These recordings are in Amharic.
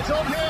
is on here.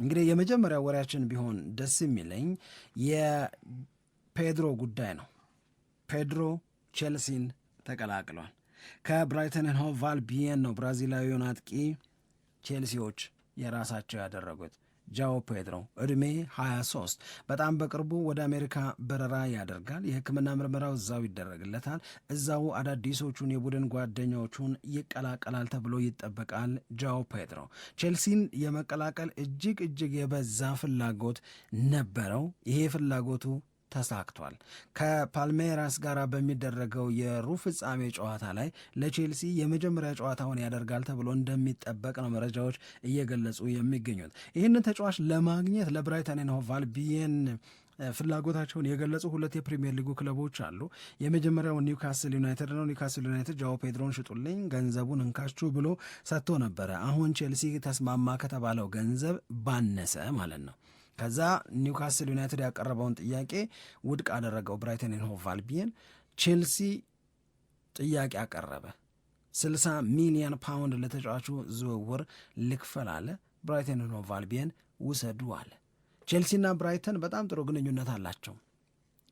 እንግዲህ የመጀመሪያው ወሬያችን ቢሆን ደስ የሚለኝ የፔድሮ ጉዳይ ነው። ፔድሮ ቼልሲን ተቀላቅሏል። ከብራይተን ኤንድ ሆቭ አልቢየን ነው ብራዚላዊውን አጥቂ ቼልሲዎች የራሳቸው ያደረጉት። ጃኦ ፔድሮ ዕድሜ 23 በጣም በቅርቡ ወደ አሜሪካ በረራ ያደርጋል። የሕክምና ምርመራው እዛው ይደረግለታል። እዛው አዳዲሶቹን የቡድን ጓደኛዎቹን ይቀላቀላል ተብሎ ይጠበቃል። ጃኦ ፔድሮ ቼልሲን የመቀላቀል እጅግ እጅግ የበዛ ፍላጎት ነበረው። ይሄ ፍላጎቱ ተሳክቷል። ከፓልሜራስ ጋር በሚደረገው የሩብ ፍጻሜ ጨዋታ ላይ ለቼልሲ የመጀመሪያ ጨዋታውን ያደርጋል ተብሎ እንደሚጠበቅ ነው መረጃዎች እየገለጹ የሚገኙት። ይህንን ተጫዋች ለማግኘት ለብራይተን ኤንድ ሆቭ አልቢየን ፍላጎታቸውን የገለጹ ሁለት የፕሪሚየር ሊጉ ክለቦች አሉ። የመጀመሪያው ኒውካስል ዩናይትድ ነው። ኒውካስል ዩናይትድ ጃኦ ፔድሮን ሽጡልኝ፣ ገንዘቡን እንካችሁ ብሎ ሰጥቶ ነበረ። አሁን ቼልሲ ተስማማ ከተባለው ገንዘብ ባነሰ ማለት ነው። ከዛ ኒውካስል ዩናይትድ ያቀረበውን ጥያቄ ውድቅ አደረገው። ብራይተን ኤንድ ሆቭ አልቢየን ቼልሲ ጥያቄ አቀረበ። 60 ሚሊዮን ፓውንድ ለተጫዋቹ ዝውውር ልክፈል አለ። ብራይተን ኤንድ ሆቭ አልቢየን ውሰዱ አለ። ቼልሲና ብራይተን በጣም ጥሩ ግንኙነት አላቸው።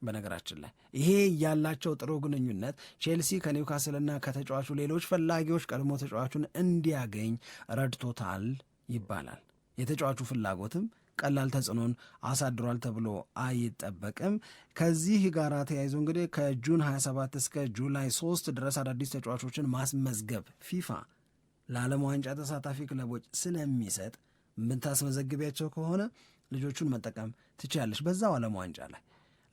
በነገራችን ላይ ይሄ ያላቸው ጥሩ ግንኙነት ቼልሲ ከኒውካስልና ከተጫዋቹ ሌሎች ፈላጊዎች ቀድሞ ተጫዋቹን እንዲያገኝ ረድቶታል ይባላል። የተጫዋቹ ፍላጎትም ቀላል ተጽዕኖን አሳድሯል ተብሎ አይጠበቅም። ከዚህ ጋር ተያይዞ እንግዲህ ከጁን 27 እስከ ጁላይ 3 ድረስ አዳዲስ ተጫዋቾችን ማስመዝገብ ፊፋ ለዓለም ዋንጫ ተሳታፊ ክለቦች ስለሚሰጥ የምታስመዘግቢያቸው ከሆነ ልጆቹን መጠቀም ትችላለች። በዛው ዓለም ዋንጫ ላይ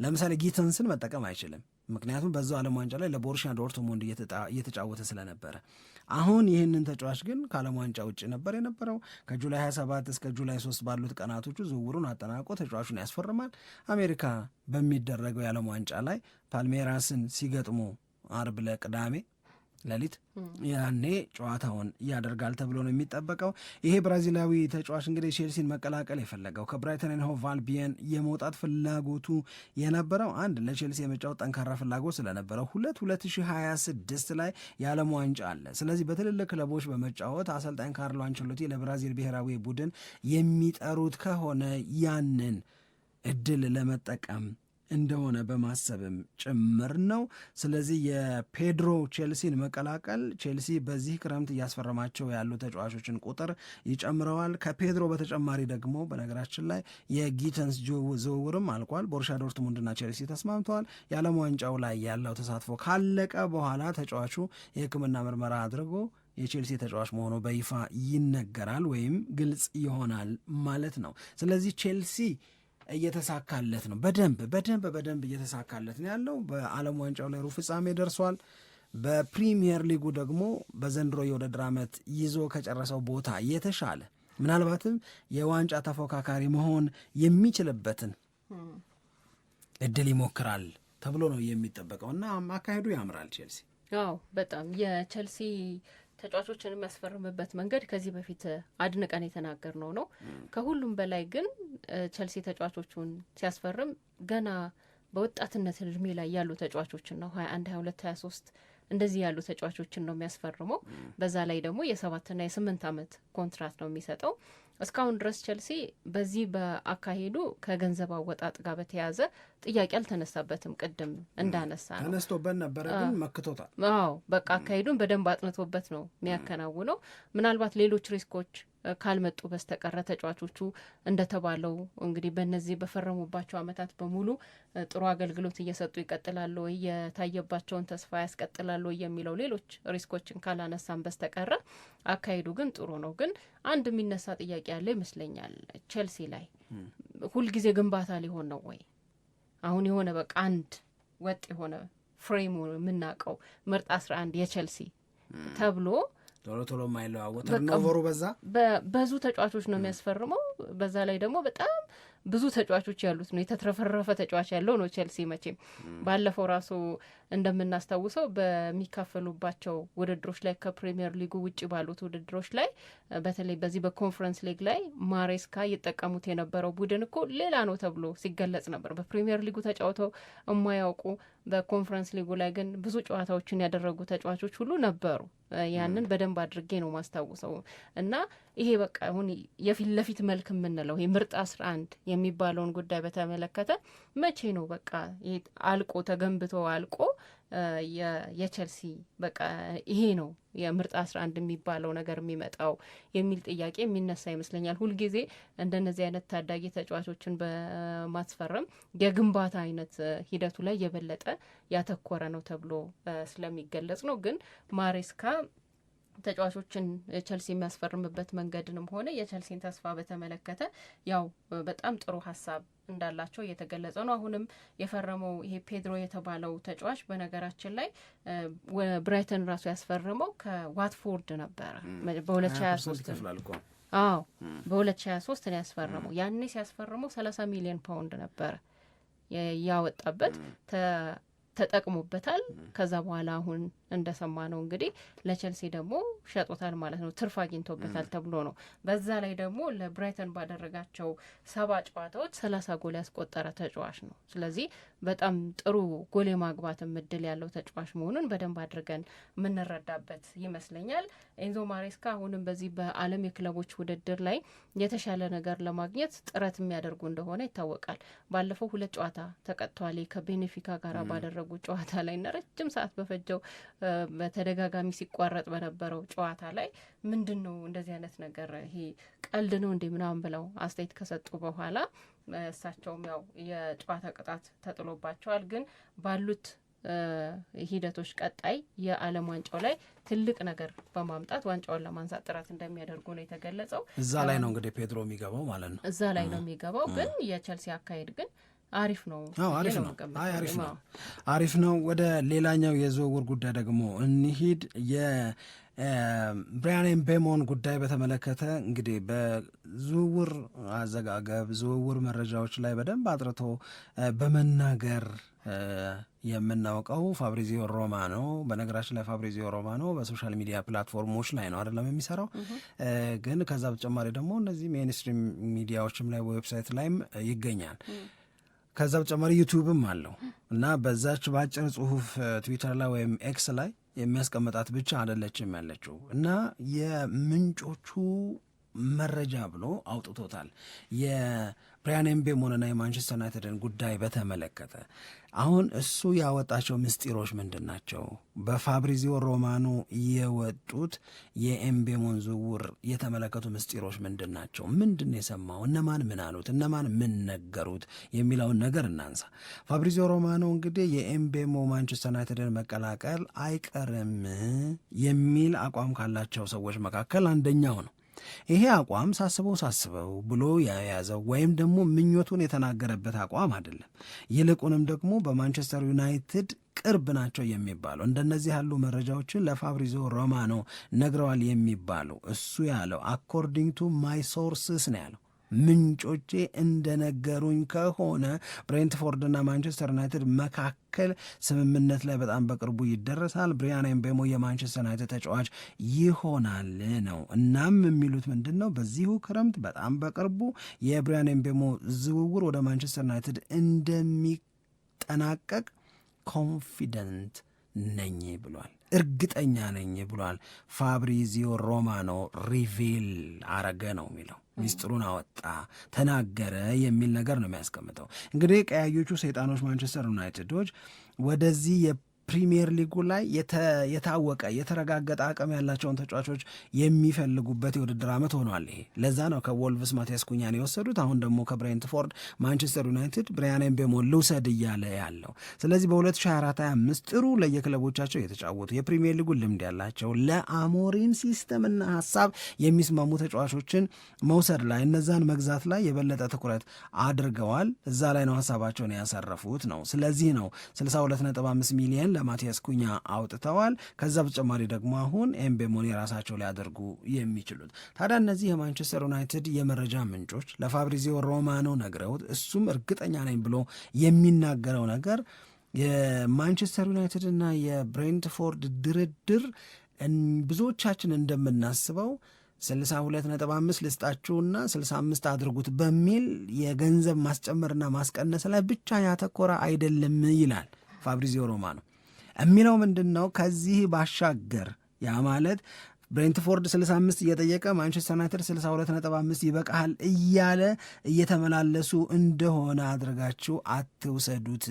ለምሳሌ ጊተንስን መጠቀም አይችልም። ምክንያቱም በዛው ዓለም ዋንጫ ላይ ለቦርሻ ዶርትሙንድ እየተጫወተ ስለነበረ አሁን ይህንን ተጫዋች ግን ከዓለም ዋንጫ ውጭ ነበር የነበረው። ከጁላይ 27 እስከ ጁላይ 3 ባሉት ቀናቶቹ ዝውውሩን አጠናቆ ተጫዋቹን ያስፈርማል። አሜሪካ በሚደረገው የዓለም ዋንጫ ላይ ፓልሜራስን ሲገጥሙ አርብ ለቅዳሜ ሌሊት ያኔ ጨዋታውን ያደርጋል ተብሎ ነው የሚጠበቀው። ይሄ ብራዚላዊ ተጫዋች እንግዲህ ቼልሲን መቀላቀል የፈለገው ከብራይተን ኤንሆ ቫልቢየን የመውጣት ፍላጎቱ የነበረው አንድ ለቼልሲ የመጫወት ጠንካራ ፍላጎት ስለነበረው፣ ሁለት 2026 ላይ የዓለም ዋንጫ አለ። ስለዚህ በትልልቅ ክለቦች በመጫወት አሰልጣኝ ካርሎ አንቸሎቲ ለብራዚል ብሔራዊ ቡድን የሚጠሩት ከሆነ ያንን እድል ለመጠቀም እንደሆነ በማሰብም ጭምር ነው። ስለዚህ የፔድሮ ቼልሲን መቀላቀል ቼልሲ በዚህ ክረምት እያስፈረማቸው ያሉ ተጫዋቾችን ቁጥር ይጨምረዋል። ከፔድሮ በተጨማሪ ደግሞ በነገራችን ላይ የጊተንስ ዝውውርም አልቋል። ቦርሻ ዶርትሙንድና ቼልሲ ተስማምተዋል። የዓለም ዋንጫው ላይ ያለው ተሳትፎ ካለቀ በኋላ ተጫዋቹ የሕክምና ምርመራ አድርጎ የቼልሲ ተጫዋች መሆኑ በይፋ ይነገራል ወይም ግልጽ ይሆናል ማለት ነው። ስለዚህ ቼልሲ እየተሳካለት ነው። በደንብ በደንብ በደንብ እየተሳካለት ነው ያለው። በዓለም ዋንጫው ላይ ሩብ ፍጻሜ ደርሷል። በፕሪሚየር ሊጉ ደግሞ በዘንድሮ የውድድር ዓመት ይዞ ከጨረሰው ቦታ የተሻለ ምናልባትም የዋንጫ ተፎካካሪ መሆን የሚችልበትን እድል ይሞክራል ተብሎ ነው የሚጠበቀው እና አካሄዱ ያምራል ቼልሲ። አዎ በጣም የቼልሲ ተጫዋቾችን የሚያስፈርምበት መንገድ ከዚህ በፊት አድንቀን ነው ነው። ከሁሉም በላይ ግን ቸልሲ ተጫዋቾቹን ሲያስፈርም ገና በወጣትነት እድሜ ላይ ያሉ ተጫዋቾችን ነው ሀያ አንድ ሀያ ሁለት ሀያ ሶስት እንደዚህ ያሉ ተጫዋቾችን ነው የሚያስፈርመው። በዛ ላይ ደግሞ የሰባትና የስምንት አመት ኮንትራት ነው የሚሰጠው። እስካሁን ድረስ ቸልሲ በዚህ በአካሄዱ ከገንዘብ አወጣጥ ጋር በተያያዘ ጥያቄ አልተነሳበትም። ቅድም እንዳነሳ ነው ተነስቶበት ነበረ፣ ግን መክቶታል። አዎ በቃ አካሄዱን በደንብ አጥንቶበት ነው የሚያከናውነው። ምናልባት ሌሎች ሪስኮች ካልመጡ በስተቀረ ተጫዋቾቹ እንደተባለው እንግዲህ በእነዚህ በፈረሙባቸው አመታት በሙሉ ጥሩ አገልግሎት እየሰጡ ይቀጥላሉ ወይ የታየባቸውን ተስፋ ያስቀጥላሉ ወይ የሚለው ሌሎች ሪስኮችን ካላነሳን በስተቀረ አካሄዱ ግን ጥሩ ነው። ግን አንድ የሚነሳ ጥያቄ ያለ ይመስለኛል። ቼልሲ ላይ ሁልጊዜ ግንባታ ሊሆን ነው ወይ? አሁን የሆነ በቃ አንድ ወጥ የሆነ ፍሬም የምናውቀው ምርጥ አስራ አንድ የቼልሲ ተብሎ ቶሎ ቶሎ የማይለዋወጥ ተርኖቨሩ በዛ በብዙ ተጫዋቾች ነው የሚያስፈርመው። በዛ ላይ ደግሞ በጣም ብዙ ተጫዋቾች ያሉት ነው የተትረፈረፈ ተጫዋች ያለው ነው ቼልሲ። መቼም ባለፈው ራሱ እንደምናስታውሰው በሚካፈሉባቸው ውድድሮች ላይ ከፕሪሚየር ሊጉ ውጭ ባሉት ውድድሮች ላይ በተለይ በዚህ በኮንፈረንስ ሊግ ላይ ማሬስካ እየጠቀሙት የነበረው ቡድን እኮ ሌላ ነው ተብሎ ሲገለጽ ነበር። በፕሪሚየር ሊጉ ተጫውተው የማያውቁ በኮንፈረንስ ሊጉ ላይ ግን ብዙ ጨዋታዎችን ያደረጉ ተጫዋቾች ሁሉ ነበሩ። ያንን በደንብ አድርጌ ነው ማስታውሰው እና ይሄ በቃ አሁን የፊት ለፊት መልክ የምንለው ይሄ ምርጥ አስራ አንድ የሚባለውን ጉዳይ በተመለከተ መቼ ነው በቃ አልቆ ተገንብቶ አልቆ የቼልሲ በቃ ይሄ ነው የምርጥ አስራ አንድ የሚባለው ነገር የሚመጣው የሚል ጥያቄ የሚነሳ ይመስለኛል። ሁልጊዜ እንደነዚህ አይነት ታዳጊ ተጫዋቾችን በማስፈረም የግንባታ አይነት ሂደቱ ላይ የበለጠ ያተኮረ ነው ተብሎ ስለሚገለጽ ነው። ግን ማሬስካ ተጫዋቾችን ቸልሲ የሚያስፈርምበት መንገድንም ሆነ የቸልሲን ተስፋ በተመለከተ ያው በጣም ጥሩ ሀሳብ እንዳላቸው እየተገለጸ ነው። አሁንም የፈረመው ይሄ ፔድሮ የተባለው ተጫዋች በነገራችን ላይ ብራይተን ራሱ ያስፈረመው ከዋትፎርድ ነበረ በ2023 አዎ በ2023 ነው ያስፈረመው። ያኔ ሲያስፈርመው 30 ሚሊዮን ፓውንድ ነበረ ያወጣበት ተጠቅሞበታል። ከዛ በኋላ አሁን እንደሰማ ነው እንግዲህ ለቸልሲ ደግሞ ሸጦታል ማለት ነው። ትርፍ አግኝቶበታል ተብሎ ነው። በዛ ላይ ደግሞ ለብራይተን ባደረጋቸው ሰባ ጨዋታዎች ሰላሳ ጎል ያስቆጠረ ተጫዋች ነው። ስለዚህ በጣም ጥሩ ጎል የማግባት እድል ያለው ተጫዋች መሆኑን በደንብ አድርገን የምንረዳበት ይመስለኛል። ኤንዞ ማሬስካ አሁንም በዚህ በዓለም የክለቦች ውድድር ላይ የተሻለ ነገር ለማግኘት ጥረት የሚያደርጉ እንደሆነ ይታወቃል። ባለፈው ሁለት ጨዋታ ተቀጥቷል ከቤኔፊካ ጋር ባደረጉ ጨዋታ ላይ ና ረጅም ሰዓት በፈጀው በተደጋጋሚ ሲቋረጥ በነበረው ጨዋታ ላይ ምንድን ነው እንደዚህ አይነት ነገር ይሄ ቀልድ ነው እንዴ ምናምን ብለው አስተያየት ከሰጡ በኋላ እሳቸውም ያው የጨዋታ ቅጣት ተጥሎባቸዋል። ግን ባሉት ሂደቶች ቀጣይ የዓለም ዋንጫው ላይ ትልቅ ነገር በማምጣት ዋንጫውን ለማንሳት ጥረት እንደሚያደርጉ ነው የተገለጸው። እዛ ላይ ነው እንግዲህ ፔድሮ የሚገባው ማለት ነው። እዛ ላይ ነው የሚገባው። ግን የቸልሲ አካሄድ ግን አሪፍ ነው። አሪፍ ነው። አሪፍ ነው። አሪፍ ነው። ወደ ሌላኛው የዝውውር ጉዳይ ደግሞ እንሂድ። የብሪያን ኤምቤሞን ጉዳይ በተመለከተ እንግዲህ በዝውውር አዘጋገብ፣ ዝውውር መረጃዎች ላይ በደንብ አጥርቶ በመናገር የምናውቀው ፋብሪዚዮ ሮማኖ በነገራችን ላይ ፋብሪዚዮ ሮማኖ በሶሻል ሚዲያ ፕላትፎርሞች ላይ ነው አይደለም የሚሰራው፣ ግን ከዛ በተጨማሪ ደግሞ እነዚህ ሜንስትሪም ሚዲያዎችም ላይ ዌብሳይት ላይም ይገኛል። ከዛ በተጨማሪ ዩቲዩብም አለው እና በዛች በአጭር ጽሁፍ ትዊተር ላይ ወይም ኤክስ ላይ የሚያስቀምጣት ብቻ አይደለችም ያለችው እና የምንጮቹ መረጃ ብሎ አውጥቶታል። የብሪያን ኤምቤሞ ሆነና የማንቸስተር ዩናይትድን ጉዳይ በተመለከተ አሁን እሱ ያወጣቸው ምስጢሮች ምንድን ናቸው? በፋብሪዚዮ ሮማኖ የወጡት የኤምቤሞን ዝውውር የተመለከቱ ምስጢሮች ምንድን ናቸው? ምንድን የሰማው እነማን ምን አሉት፣ እነማን ምን ነገሩት የሚለውን ነገር እናንሳ። ፋብሪዚዮ ሮማኖ እንግዲህ የኤምቤሞ ማንቸስተር ዩናይትድን መቀላቀል አይቀርም የሚል አቋም ካላቸው ሰዎች መካከል አንደኛው ነው። ይሄ አቋም ሳስበው ሳስበው ብሎ የያዘው ወይም ደግሞ ምኞቱን የተናገረበት አቋም አይደለም። ይልቁንም ደግሞ በማንቸስተር ዩናይትድ ቅርብ ናቸው የሚባለው እንደነዚህ ያሉ መረጃዎችን ለፋብሪዞ ሮማኖ ነግረዋል የሚባለው እሱ ያለው አኮርዲንግ ቱ ማይ ሶርስስ ነው ያለው ምንጮቼ እንደነገሩኝ ከሆነ ብሬንትፎርድና ማንቸስተር ዩናይትድ መካከል ስምምነት ላይ በጣም በቅርቡ ይደረሳል። ብሪያን ኤምቤሞ የማንቸስተር ዩናይትድ ተጫዋች ይሆናል ነው። እናም የሚሉት ምንድን ነው? በዚሁ ክረምት በጣም በቅርቡ የብሪያን ኤምቤሞ ዝውውር ወደ ማንቸስተር ዩናይትድ እንደሚጠናቀቅ ኮንፊደንት ነኝ ብሏል። እርግጠኛ ነኝ ብሏል። ፋብሪዚዮ ሮማኖ ሪቪል አረገ ነው የሚለው ሚስጥሩን አወጣ ተናገረ የሚል ነገር ነው የሚያስቀምጠው። እንግዲህ ቀያዮቹ ሰይጣኖች ማንቸስተር ዩናይትዶች ወደዚህ ፕሪሚየር ሊጉ ላይ የታወቀ የተረጋገጠ አቅም ያላቸውን ተጫዋቾች የሚፈልጉበት የውድድር ዓመት ሆኗል። ይሄ ለዛ ነው ከወልቭስ ማቲያስ ኩኛን የወሰዱት። አሁን ደግሞ ከብሬንትፎርድ ማንቸስተር ዩናይትድ ብሪያን ምቤሞን ልውሰድ እያለ ያለው። ስለዚህ በ2024/25 ጥሩ ለየክለቦቻቸው የተጫወቱ የፕሪሚየር ሊጉ ልምድ ያላቸው ለአሞሪም ሲስተምና ሀሳብ የሚስማሙ ተጫዋቾችን መውሰድ ላይ እነዛን መግዛት ላይ የበለጠ ትኩረት አድርገዋል። እዛ ላይ ነው ሀሳባቸውን ያሳረፉት ነው። ስለዚህ ነው 62.5 ሚሊየን ለማቲያስ ኩኛ አውጥተዋል። ከዛ በተጨማሪ ደግሞ አሁን ኤምቤሞን የራሳቸው ሊያደርጉ የሚችሉት ታዲያ እነዚህ የማንቸስተር ዩናይትድ የመረጃ ምንጮች ለፋብሪዚዮ ሮማኖ ነግረውት እሱም እርግጠኛ ነኝ ብሎ የሚናገረው ነገር የማንቸስተር ዩናይትድ እና የብሬንትፎርድ ድርድር ብዙዎቻችን እንደምናስበው 62.5 ልስጣችሁና 65 አድርጉት በሚል የገንዘብ ማስጨመርና ማስቀነስ ላይ ብቻ ያተኮረ አይደለም ይላል ፋብሪዚዮ ሮማኖ። የሚለው ምንድን ነው? ከዚህ ባሻገር ያ ማለት ብሬንትፎርድ 65 እየጠየቀ ማንቸስተር ዩናይትድ 62.5 ይበቃሃል እያለ እየተመላለሱ እንደሆነ አድርጋችሁ አትውሰዱት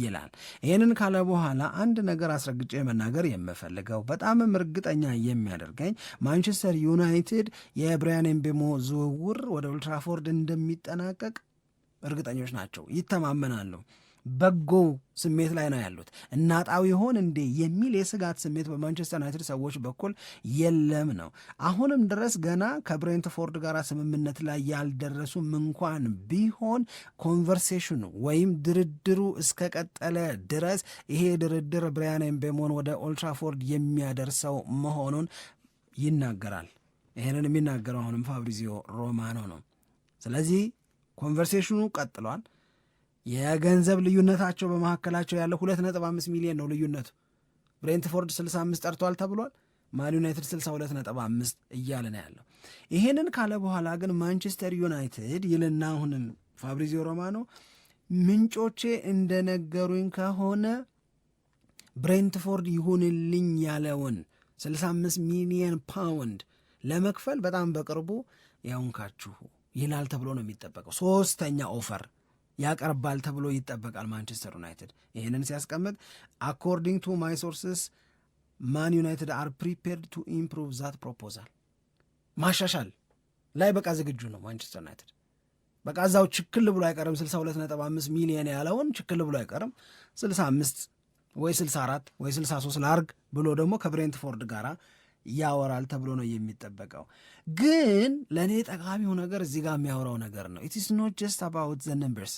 ይላል። ይህንን ካለ በኋላ አንድ ነገር አስረግጬ መናገር የምፈልገው በጣምም እርግጠኛ የሚያደርገኝ ማንቸስተር ዩናይትድ የብሪያን ኤምቤሞ ዝውውር ወደ ኦልትራፎርድ እንደሚጠናቀቅ እርግጠኞች ናቸው፣ ይተማመናሉ። በጎው ስሜት ላይ ነው ያሉት። እናጣው ይሆን እንዴ የሚል የስጋት ስሜት በማንቸስተር ዩናይትድ ሰዎች በኩል የለም ነው። አሁንም ድረስ ገና ከብሬንትፎርድ ጋር ስምምነት ላይ ያልደረሱም እንኳን ቢሆን ኮንቨርሴሽኑ ወይም ድርድሩ እስከቀጠለ ድረስ ይሄ ድርድር ብሪያን ምቤሞን ወደ ኦልትራፎርድ የሚያደርሰው መሆኑን ይናገራል። ይህንን የሚናገረው አሁንም ፋብሪዚዮ ሮማኖ ነው። ስለዚህ ኮንቨርሴሽኑ ቀጥሏል። የገንዘብ ልዩነታቸው በመካከላቸው ያለ 2.5 ሚሊዮን ነው ልዩነቱ። ብሬንትፎርድ 65 ጠርቷል ተብሏል። ማን ዩናይትድ 62.5 እያለ ነው ያለው። ይሄንን ካለ በኋላ ግን ማንቸስተር ዩናይትድ ይልና አሁንም ፋብሪዚዮ ሮማኖ ምንጮቼ እንደነገሩኝ ከሆነ ብሬንትፎርድ ይሁንልኝ ያለውን 65 ሚሊዮን ፓውንድ ለመክፈል በጣም በቅርቡ ያውንካችሁ ይላል ተብሎ ነው የሚጠበቀው። ሶስተኛ ኦፈር ያቀርባል ተብሎ ይጠበቃል ማንቸስተር ዩናይትድ። ይህንን ሲያስቀምጥ አኮርዲንግ ቱ ማይ ሶርስስ ማን ዩናይትድ አር ፕሪፔርድ ቱ ኢምፕሩቭ ዛት ፕሮፖዛል ማሻሻል ላይ በቃ ዝግጁ ነው ማንቸስተር ዩናይትድ። በቃ እዛው ችክል ብሎ አይቀርም። 62.5 ሚሊየን ያለውን ችክል ብሎ አይቀርም። 65 ወይ 64 ወይ 63 ላርግ ብሎ ደግሞ ከብሬንትፎርድ ጋር ያወራል ተብሎ ነው የሚጠበቀው። ግን ለእኔ ጠቃሚው ነገር እዚህ ጋር የሚያወራው ነገር ነው። ኢትስ ኖ ጀስት አባውት ዘ ነምበርስ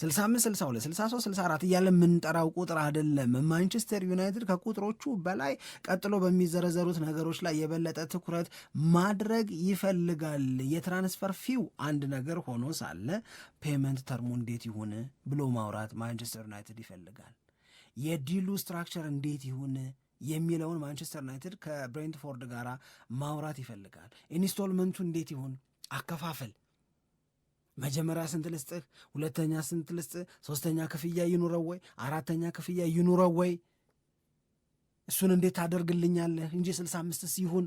65 62 63 64 እያለ የምንጠራው ቁጥር አይደለም። ማንቸስተር ዩናይትድ ከቁጥሮቹ በላይ ቀጥሎ በሚዘረዘሩት ነገሮች ላይ የበለጠ ትኩረት ማድረግ ይፈልጋል። የትራንስፈር ፊው አንድ ነገር ሆኖ ሳለ ፔመንት ተርሙ እንዴት ይሁን ብሎ ማውራት ማንቸስተር ዩናይትድ ይፈልጋል። የዲሉ ስትራክቸር እንዴት ይሁን የሚለውን ማንቸስተር ዩናይትድ ከብሬንትፎርድ ጋር ማውራት ይፈልጋል። ኢንስቶልመንቱ እንዴት ይሁን አከፋፈል መጀመሪያ ስንት ልስጥህ፣ ሁለተኛ ስንት ልስጥህ፣ ሶስተኛ ክፍያ ይኑረው ወይ አራተኛ ክፍያ ይኑረው ወይ እሱን እንዴት ታደርግልኛለህ እንጂ ስልሳ አምስትስ ይሁን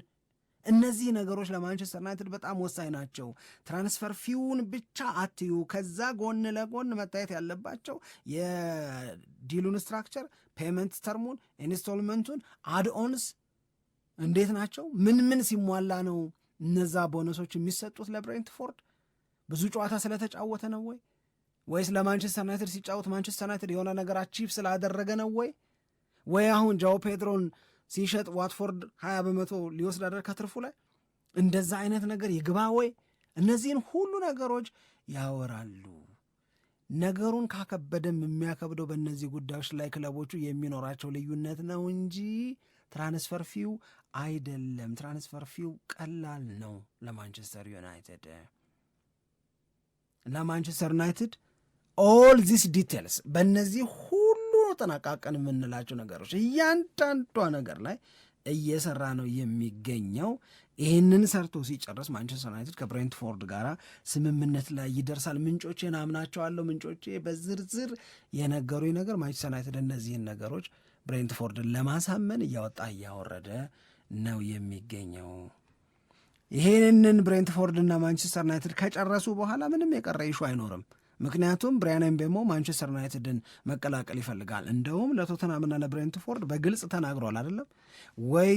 እነዚህ ነገሮች ለማንቸስተር ዩናይትድ በጣም ወሳኝ ናቸው። ትራንስፈር ፊውን ብቻ አትዩ። ከዛ ጎን ለጎን መታየት ያለባቸው የዲሉን ስትራክቸር፣ ፔመንት ተርሙን፣ ኢንስቶልመንቱን፣ አድኦንስ እንዴት ናቸው? ምን ምን ሲሟላ ነው እነዛ ቦነሶች የሚሰጡት? ለብሬንትፎርድ ብዙ ጨዋታ ስለተጫወተ ነው ወይ ወይስ ለማንቸስተር ዩናይትድ ሲጫወት ማንቸስተር ዩናይትድ የሆነ ነገር አቺቭ ስላደረገ ነው ወይ ወይ አሁን ጃው ፔድሮን ሲሸጥ ዋትፎርድ ሀያ በመቶ ሊወስድ አደር ከትርፉ ላይ እንደዛ አይነት ነገር ይግባ ወይ እነዚህን ሁሉ ነገሮች ያወራሉ። ነገሩን ካከበደም የሚያከብደው በእነዚህ ጉዳዮች ላይ ክለቦቹ የሚኖራቸው ልዩነት ነው እንጂ ትራንስፈር ፊው አይደለም። ትራንስፈር ፊው ቀላል ነው ለማንቸስተር ዩናይትድ ለማንቸስተር ዩናይትድ ኦል ዚስ ዲቴልስ በእነዚህ ጥናቃቀን የምንላቸው ነገሮች እያንዳንዷ ነገር ላይ እየሰራ ነው የሚገኘው። ይህንን ሰርቶ ሲጨርስ ማንቸስተር ዩናይትድ ከብሬንትፎርድ ጋር ስምምነት ላይ ይደርሳል። ምንጮቼን አምናቸዋለሁ። ምንጮቼ በዝርዝር የነገሩ ነገር ማንቸስተር ዩናይትድ እነዚህን ነገሮች ብሬንትፎርድን ለማሳመን እያወጣ እያወረደ ነው የሚገኘው። ይህንን ብሬንትፎርድና ማንቸስተር ዩናይትድ ከጨረሱ በኋላ ምንም የቀረ ይሹ አይኖርም። ምክንያቱም ብራያን ምቤሞ ማንቸስተር ዩናይትድን መቀላቀል ይፈልጋል። እንደውም ለቶተናምና ለብሬንትፎርድ በግልጽ ተናግሯል። አይደለም ወይ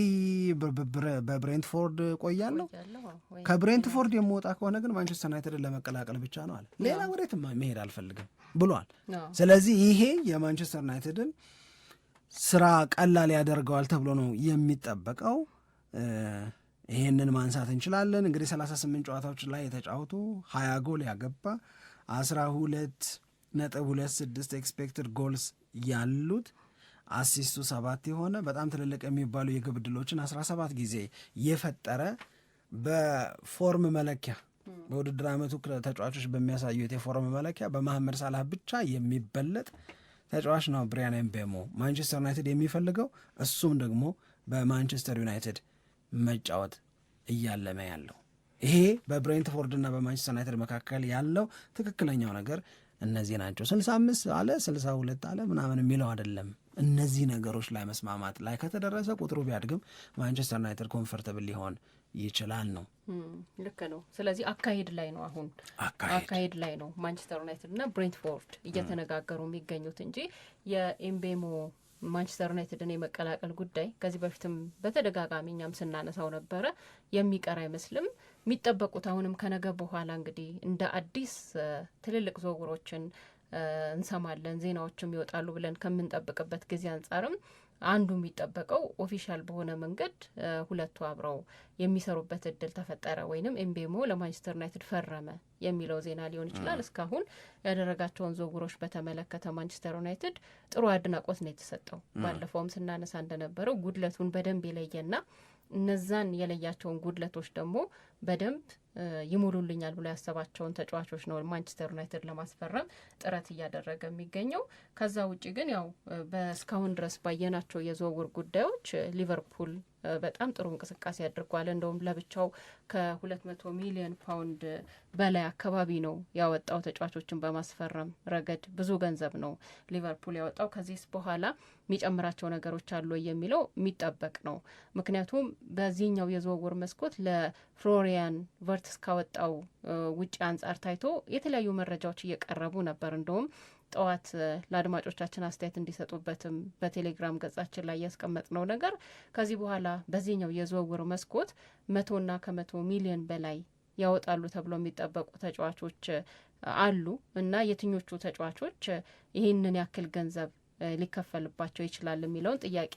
በብሬንትፎርድ ቆያለሁ፣ ከብሬንትፎርድ የምወጣ ከሆነ ግን ማንቸስተር ዩናይትድን ለመቀላቀል ብቻ ነው አለ። ሌላ ወዴት መሄድ አልፈልግም ብሏል። ስለዚህ ይሄ የማንቸስተር ዩናይትድን ስራ ቀላል ያደርገዋል ተብሎ ነው የሚጠበቀው። ይሄንን ማንሳት እንችላለን። እንግዲህ 38 ጨዋታዎች ላይ የተጫወቱ 20 ጎል ያገባ 12.26 ኤክስፔክትድ ጎልስ ያሉት አሲስቱ ሰባት የሆነ በጣም ትልልቅ የሚባሉ የግብ ዕድሎችን 17 ጊዜ የፈጠረ በፎርም መለኪያ በውድድር ዓመቱ ተጫዋቾች በሚያሳዩት የፎርም መለኪያ በመሐመድ ሳላህ ብቻ የሚበለጥ ተጫዋች ነው ብሪያን ኤምቤሞ። ማንቸስተር ዩናይትድ የሚፈልገው እሱም ደግሞ በማንቸስተር ዩናይትድ መጫወት እያለመ ያለው ይሄ በብሬንትፎርድ እና በማንቸስተር ዩናይትድ መካከል ያለው ትክክለኛው ነገር እነዚህ ናቸው። ስልሳ አምስት አለ ስልሳ ሁለት አለ ምናምን የሚለው አይደለም። እነዚህ ነገሮች ላይ መስማማት ላይ ከተደረሰ ቁጥሩ ቢያድግም ማንቸስተር ዩናይትድ ኮንፈርተብል ሊሆን ይችላል ነው። ልክ ነው። ስለዚህ አካሄድ ላይ ነው አሁን አካሄድ ላይ ነው ማንቸስተር ዩናይትድ እና ብሬንትፎርድ እየተነጋገሩ የሚገኙት እንጂ የኤምቤሞ ማንቸስተር ዩናይትድን የመቀላቀል ጉዳይ ከዚህ በፊትም በተደጋጋሚ እኛም ስናነሳው ነበረ። የሚቀር አይመስልም። የሚጠበቁት አሁንም ከነገ በኋላ እንግዲህ እንደ አዲስ ትልልቅ ዝውውሮችን እንሰማለን፣ ዜናዎችም ይወጣሉ ብለን ከምንጠብቅበት ጊዜ አንጻርም አንዱ የሚጠበቀው ኦፊሻል በሆነ መንገድ ሁለቱ አብረው የሚሰሩበት እድል ተፈጠረ ወይንም ኤምቤሞ ለማንቸስተር ዩናይትድ ፈረመ የሚለው ዜና ሊሆን ይችላል። እስካሁን ያደረጋቸውን ዝውውሮች በተመለከተ ማንቸስተር ዩናይትድ ጥሩ አድናቆት ነው የተሰጠው። ባለፈውም ስናነሳ እንደነበረው ጉድለቱን በደንብ የለየና እነዛን የለያቸውን ጉድለቶች ደግሞ በደንብ ይሙሉልኛል ብሎ ያሰባቸውን ተጫዋቾች ነው ማንቸስተር ዩናይትድ ለማስፈረም ጥረት እያደረገ የሚገኘው። ከዛ ውጭ ግን ያው በእስካሁን ድረስ ባየናቸው የዝውውር ጉዳዮች ሊቨርፑል በጣም ጥሩ እንቅስቃሴ አድርጓል። እንደውም ለብቻው ከ200 ሚሊዮን ፓውንድ በላይ አካባቢ ነው ያወጣው። ተጫዋቾችን በማስፈረም ረገድ ብዙ ገንዘብ ነው ሊቨርፑል ያወጣው። ከዚህስ በኋላ የሚጨምራቸው ነገሮች አሉ የሚለው የሚጠበቅ ነው። ምክንያቱም በዚህኛው የዝውውር መስኮት ለፍሎሪያን ቨርትስ ካወጣው ውጪ አንጻር ታይቶ የተለያዩ መረጃዎች እየቀረቡ ነበር እንደውም ጠዋት ለአድማጮቻችን አስተያየት እንዲሰጡበትም በቴሌግራም ገጻችን ላይ ያስቀመጥነው ነገር ከዚህ በኋላ በዚህኛው የዝውውር መስኮት መቶና ከመቶ ሚሊዮን በላይ ያወጣሉ ተብሎ የሚጠበቁ ተጫዋቾች አሉ እና የትኞቹ ተጫዋቾች ይህንን ያክል ገንዘብ ሊከፈልባቸው ይችላል የሚለውን ጥያቄ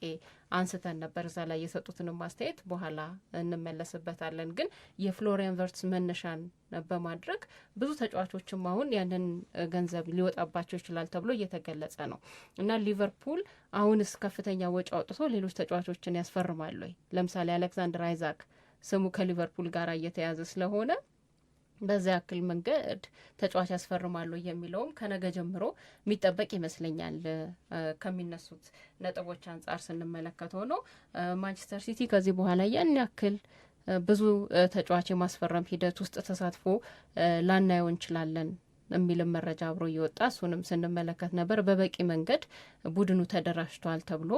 አንስተን ነበር። እዛ ላይ የሰጡትንም ማስተያየት በኋላ እንመለስበታለን። ግን የፍሎሪያን ቨርትስ መነሻን በማድረግ ብዙ ተጫዋቾችም አሁን ያንን ገንዘብ ሊወጣባቸው ይችላል ተብሎ እየተገለጸ ነው እና ሊቨርፑል አሁንስ ከፍተኛ ወጪ አውጥቶ ሌሎች ተጫዋቾችን ያስፈርማሉ ወይ? ለምሳሌ አሌክዛንደር አይዛክ ስሙ ከሊቨርፑል ጋር እየተያዘ ስለሆነ በዚ ያክል መንገድ ተጫዋች ያስፈርማሉ የሚለውም ከነገ ጀምሮ የሚጠበቅ ይመስለኛል። ከሚነሱት ነጥቦች አንጻር ስንመለከተው ነው ማንቸስተር ሲቲ ከዚህ በኋላ ያን ያክል ብዙ ተጫዋች የማስፈረም ሂደት ውስጥ ተሳትፎ ላናየው እንችላለን የሚልም መረጃ አብሮ እየወጣ እሱንም ስንመለከት ነበር። በበቂ መንገድ ቡድኑ ተደራጅቷል ተብሎ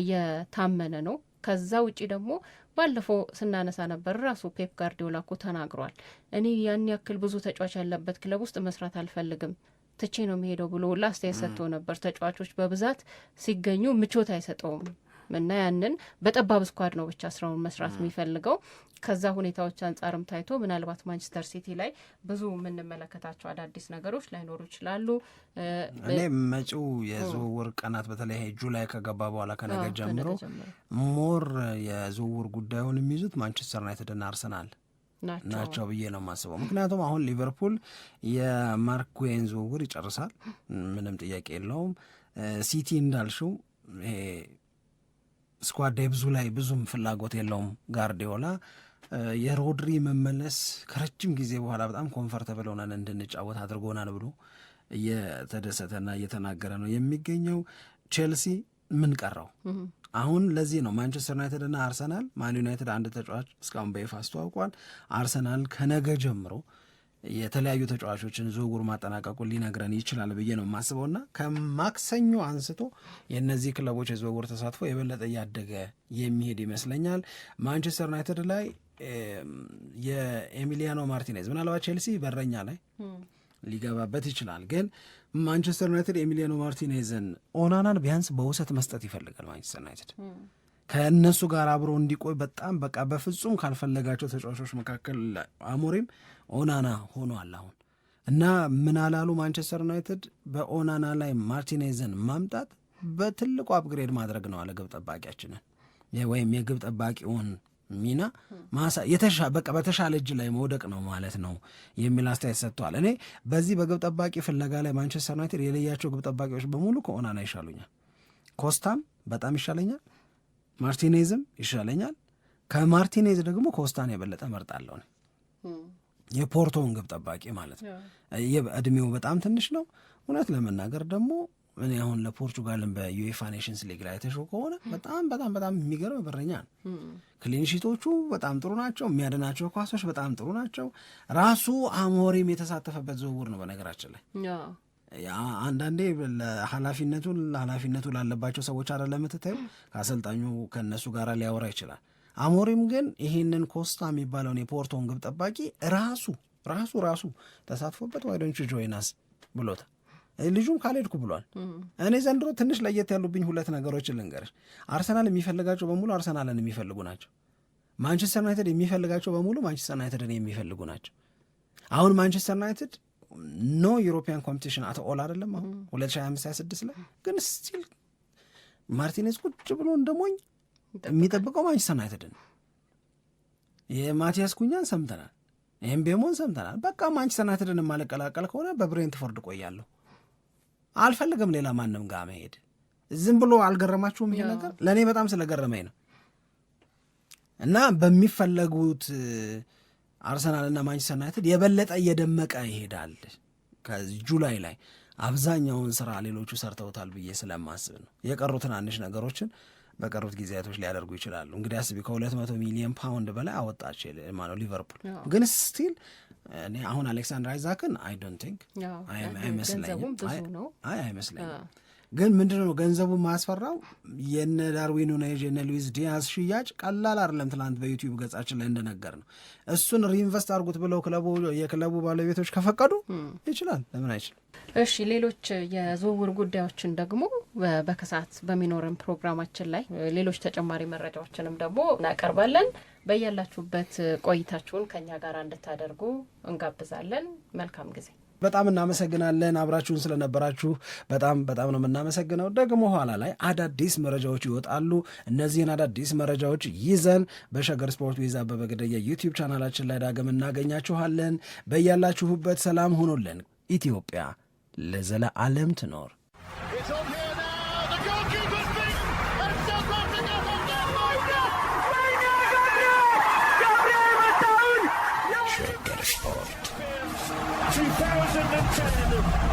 እየታመነ ነው። ከዛ ውጪ ደግሞ ባለፈው ስናነሳ ነበር ራሱ ፔፕ ጋርዲዮላ ኮ ተናግሯል። እኔ ያን ያክል ብዙ ተጫዋች ያለበት ክለብ ውስጥ መስራት አልፈልግም ትቼ ነው የሚሄደው ብሎ ሁላ አስተያየት ሰጥቶ ነበር። ተጫዋቾች በብዛት ሲገኙ ምቾት አይሰጠውም እና ያንን በጠባብ ስኳድ ነው ብቻ ስራውን መስራት የሚፈልገው። ከዛ ሁኔታዎች አንጻርም ታይቶ ምናልባት ማንቸስተር ሲቲ ላይ ብዙ የምንመለከታቸው አዳዲስ ነገሮች ላይኖሩ ይችላሉ። እኔ መጪው የዝውውር ቀናት በተለይ ጁላይ ከገባ በኋላ ከነገ ጀምሮ ሞር የዝውውር ጉዳዩን የሚይዙት ማንቸስተር ዩናይትድና አርሰናል ናቸው ብዬ ነው የማስበው። ምክንያቱም አሁን ሊቨርፑል የማርክ ጉዌን ዝውውር ይጨርሳል፣ ምንም ጥያቄ የለውም። ሲቲ እንዳልሽው ይሄ ስኳድ ብዙ ላይ ብዙም ፍላጎት የለውም ጋርዲዮላ። የሮድሪ መመለስ ከረጅም ጊዜ በኋላ በጣም ኮንፈርተብል ሆነን እንድንጫወት አድርጎናል ብሎ እየተደሰተና እየተናገረ ነው የሚገኘው። ቼልሲ ምን ቀረው? አሁን ለዚህ ነው ማንቸስተር ዩናይትድ እና አርሰናል ማን ዩናይትድ አንድ ተጫዋች እስካሁን በይፋ አስተዋውቋል። አርሰናል ከነገ ጀምሮ የተለያዩ ተጫዋቾችን ዝውውር ማጠናቀቁን ሊነግረን ይችላል ብዬ ነው የማስበው እና ከማክሰኞ አንስቶ የእነዚህ ክለቦች የዝውውር ተሳትፎ የበለጠ እያደገ የሚሄድ ይመስለኛል። ማንቸስተር ዩናይትድ ላይ የኤሚሊያኖ ማርቲኔዝ ምናልባት ቼልሲ በረኛ ላይ ሊገባበት ይችላል። ግን ማንቸስተር ዩናይትድ ኤሚሊያኖ ማርቲኔዝን ኦናናን ቢያንስ በውሰት መስጠት ይፈልጋል ማንቸስተር ዩናይትድ ከእነሱ ጋር አብሮ እንዲቆይ በጣም በቃ በፍጹም ካልፈለጋቸው ተጫዋቾች መካከል አሞሪም ኦናና ሆኗል አሁን እና ምን አላሉ ማንቸስተር ዩናይትድ በኦናና ላይ ማርቲኔዝን ማምጣት በትልቁ አፕግሬድ ማድረግ ነው አለ ግብ ጠባቂያችንን ወይም የግብ ጠባቂውን ሚና በቃ በተሻለ እጅ ላይ መውደቅ ነው ማለት ነው የሚል አስተያየት ሰጥተዋል። እኔ በዚህ በግብ ጠባቂ ፍለጋ ላይ ማንቸስተር ዩናይትድ የለያቸው ግብ ጠባቂዎች በሙሉ ከኦናና ይሻሉኛል። ኮስታም በጣም ይሻለኛል፣ ማርቲኔዝም ይሻለኛል። ከማርቲኔዝ ደግሞ ኮስታን የበለጠ መርጣለሁ። የፖርቶን ግብ ጠባቂ ማለት ነው። እድሜው በጣም ትንሽ ነው። እውነት ለመናገር ደግሞ እኔ አሁን ለፖርቹጋልን በዩኤፋ ኔሽንስ ሊግ ላይ ተሾ ከሆነ በጣም በጣም በጣም የሚገርም በረኛ ነው። ክሊንሺቶቹ በጣም ጥሩ ናቸው። የሚያድናቸው ኳሶች በጣም ጥሩ ናቸው። ራሱ አሞሪም የተሳተፈበት ዝውውር ነው። በነገራችን ላይ አንዳንዴ ኃላፊነቱን ኃላፊነቱ ላለባቸው ሰዎች አለ ለምትታዩ ከአሰልጣኙ ከእነሱ ጋር ሊያወራ ይችላል አሞሪም ግን ይህንን ኮስታ የሚባለውን የፖርቶን ግብ ጠባቂ ራሱ ራሱ ራሱ ተሳትፎበት ዋይዶንቹ ጆይናስ ብሎታል። ልጁም ካልሄድኩ ብሏል። እኔ ዘንድሮ ትንሽ ለየት ያሉብኝ ሁለት ነገሮችን ልንገርሽ። አርሰናል የሚፈልጋቸው በሙሉ አርሰናልን የሚፈልጉ ናቸው። ማንቸስተር ዩናይትድ የሚፈልጋቸው በሙሉ ማንቸስተር ዩናይትድን የሚፈልጉ ናቸው። አሁን ማንቸስተር ዩናይትድ ኖ ዩሮፒያን ኮምፒቲሽን አቶ ኦል አይደለም አሁን 2025/26 ላይ ግን ስቲል ማርቲኔዝ ቁጭ ብሎ እንደሞኝ የሚጠብቀው ማንቸስተር ዩናይትድን የማቲያስ ኩኛን ሰምተናል፣ ይህም ቤሞን ሰምተናል። በቃ ማንቸስተር ዩናይትድን የማልቀላቀል ከሆነ በብሬንትፎርድ ቆያለሁ፣ አልፈልግም ሌላ ማንም ጋር መሄድ። ዝም ብሎ አልገረማችሁም? ይሄ ነገር ለእኔ በጣም ስለገረመኝ ነው። እና በሚፈለጉት አርሰናልና ማንቸስተር ዩናይትድ የበለጠ እየደመቀ ይሄዳል። ከጁላይ ላይ አብዛኛውን ስራ ሌሎቹ ሰርተውታል ብዬ ስለማስብ ነው የቀሩ ትናንሽ ነገሮችን በቀሩት ጊዜያቶች ሊያደርጉ ይችላሉ። እንግዲህ አስቢ ከሁለት መቶ ሚሊዮን ፓውንድ በላይ አወጣች ማነው ሊቨርፑል። ግን ስቲል እኔ አሁን አሌክሳንድር አይዛክን አይ ዶንት ቲንክ አይመስለኝም፣ አይመስለኝም ግን ምንድን ነው ገንዘቡ ማስፈራው? የነ ዳርዊን ኑኔዝ የነ ሉዊስ ዲያስ ሽያጭ ቀላል አይደለም። ትላንት በዩቲዩብ ገጻችን ላይ እንደነገር ነው እሱን ሪኢንቨስት አድርጉት ብለው ክለቡ የክለቡ ባለቤቶች ከፈቀዱ ይችላል፣ ለምን አይችልም? እሺ፣ ሌሎች የዝውውር ጉዳዮችን ደግሞ በከሰዓት በሚኖረን ፕሮግራማችን ላይ ሌሎች ተጨማሪ መረጃዎችንም ደግሞ እናቀርባለን። በያላችሁበት ቆይታችሁን ከኛ ጋር እንድታደርጉ እንጋብዛለን። መልካም ጊዜ በጣም እናመሰግናለን። አብራችሁን ስለነበራችሁ በጣም በጣም ነው የምናመሰግነው። ደግሞ ኋላ ላይ አዳዲስ መረጃዎች ይወጣሉ። እነዚህን አዳዲስ መረጃዎች ይዘን በሸገር ስፖርት ዊዝ አበበ ግደ የዩቲዩብ ቻናላችን ላይ ዳግም እናገኛችኋለን። በያላችሁበት ሰላም ሁኑልን። ኢትዮጵያ ለዘለዓለም ትኖር። Tell